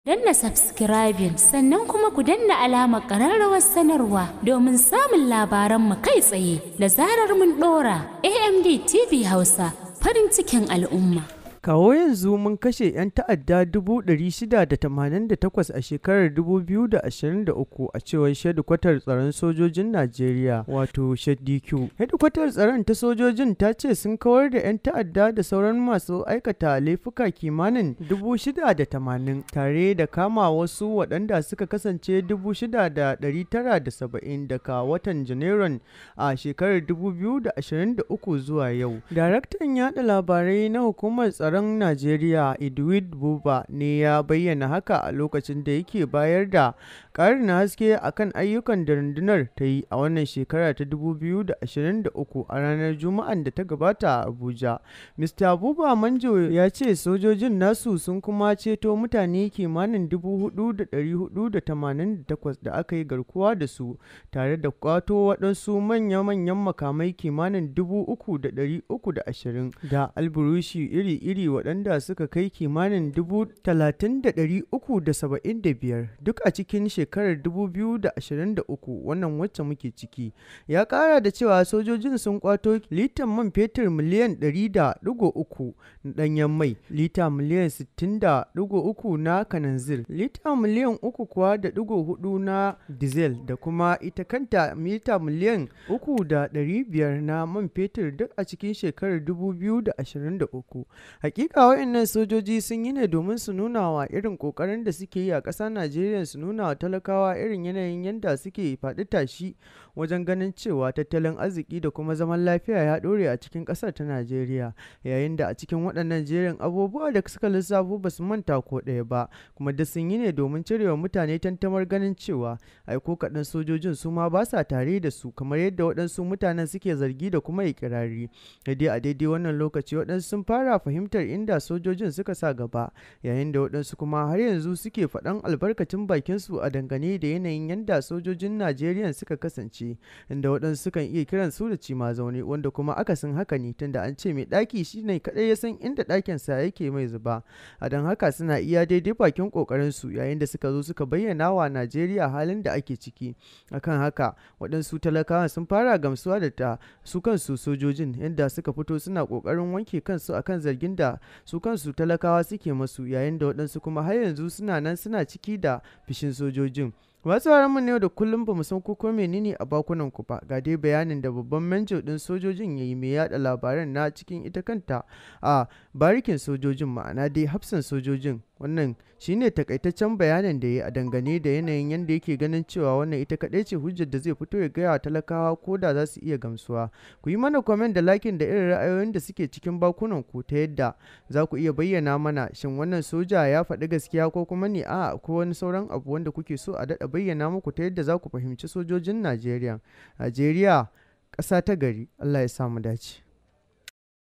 danna subscribing sannan kuma ku danna alamar ƙararrawar sanarwa domin samun labaranmu kai tsaye da zarar mun ɗora amd tv hausa farin cikin al'umma Kawo yanzu mun kashe 'yan ta'adda 688 a shekarar 2023 a cewar shedikwatar tsaron sojojin Najeriya wato SHEDQ. Hedikwatar tsaron ta sojojin ta ce sun kawar da 'yan ta'adda da sauran masu aikata laifuka kimanin 680 tare da kama wasu waɗanda suka kasance 6,970 daga watan Janairun a shekarar 2023 zuwa yau. Daraktan yada labarai na hukumar tsaron tsaron Najeriya Edwin Buba ne ya bayyana haka a lokacin da yake bayar da ƙarin haske akan ayyukan da rundunar ta yi a wannan shekara ta 2023 a ranar Juma'an da ta gabata a Abuja. Mr. Buba Manjo ya ce sojojin nasu sun kuma ceto mutane kimanin 4,488 da aka yi garkuwa da su tare da kwato waɗansu manya-manyan makamai kimanin 3,320 da alburushi iri-iri Alheri waɗanda suka kai kimanin 30,375 duk a cikin shekarar 2023 wannan wacce muke ciki. Ya ƙara da cewa sojojin sun kwato litan man fetur miliyan 100.3 na ɗanyen mai, lita miliyan 60.3 na kananzir, lita miliyan 3 kuwa da hudu na diesel da kuma ita kanta mita miliyan 3.500 na man fetur duk a cikin shekarar 2023. Hakika waɗannan sojoji sun yi ne domin su nuna wa irin kokarin da suke yi a ƙasar Najeriya su nuna wa talakawa irin yanayin yadda suke faɗi tashi wajen ganin cewa tattalin arziki da kuma zaman lafiya ya ɗore a cikin ƙasar ta Najeriya yayin da a cikin waɗannan jerin abubuwa da suka lissafo ba su manta ko ɗaya ba kuma da sun yi ne domin cirewa mutane tantamar ganin cewa ai ko kaɗan sojojin su ma ba sa tare da su kamar yadda waɗansu mutanen suke zargi da kuma ikirari. Dai a daidai wannan lokaci waɗansu sun fara fahimtar buƙatar inda sojojin suka sa gaba yayin da waɗansu kuma har yanzu suke faɗan albarkacin bakinsu a dangane da yanayin yanda sojojin najeriya suka kasance inda waɗansu kan iya kiran su da cima zaune wanda kuma aka san haka ne tunda an ce mai ɗaki shine kaɗai ya san inda sa yake mai zuba a don haka suna iya daidai bakin ƙoƙarinsu yayin da suka zo suka bayyana wa najeriya halin da ake ciki akan haka waɗansu talakawa sun fara gamsuwa da ta su kansu sojojin yadda suka fito suna ƙoƙarin wanke kansu akan zargin da su kansu talakawa suke masu yayin da waɗansu kuma har yanzu suna nan suna ciki da fishin sojojin wasu mu ne da kullum ba mu san ko menene a bakunan ku ba ga dai bayanin da babban manjo din sojojin yayi mai yada labaran na cikin ita kanta a barikin sojojin ma'ana dai hafsan sojojin wannan shine takaitaccen bayanin da ya a dangane da yanayin yadda yake ganin cewa wannan ita kadai ce hujjar da zai fito ya gaya talakawa ko da za su iya gamsuwa ku yi mana comment da lakin da irin ra'ayoyin da suke cikin bakunan ku ta yadda za ku iya bayyana mana shin wannan soja ya faɗi gaskiya ko kuma ne a ko wani sauran abu wanda kuke so a daɗa bayyana muku ta yadda za ku fahimci sojojin Najeriya. Najeriya ƙasa ta gari, Allah ya samu dace.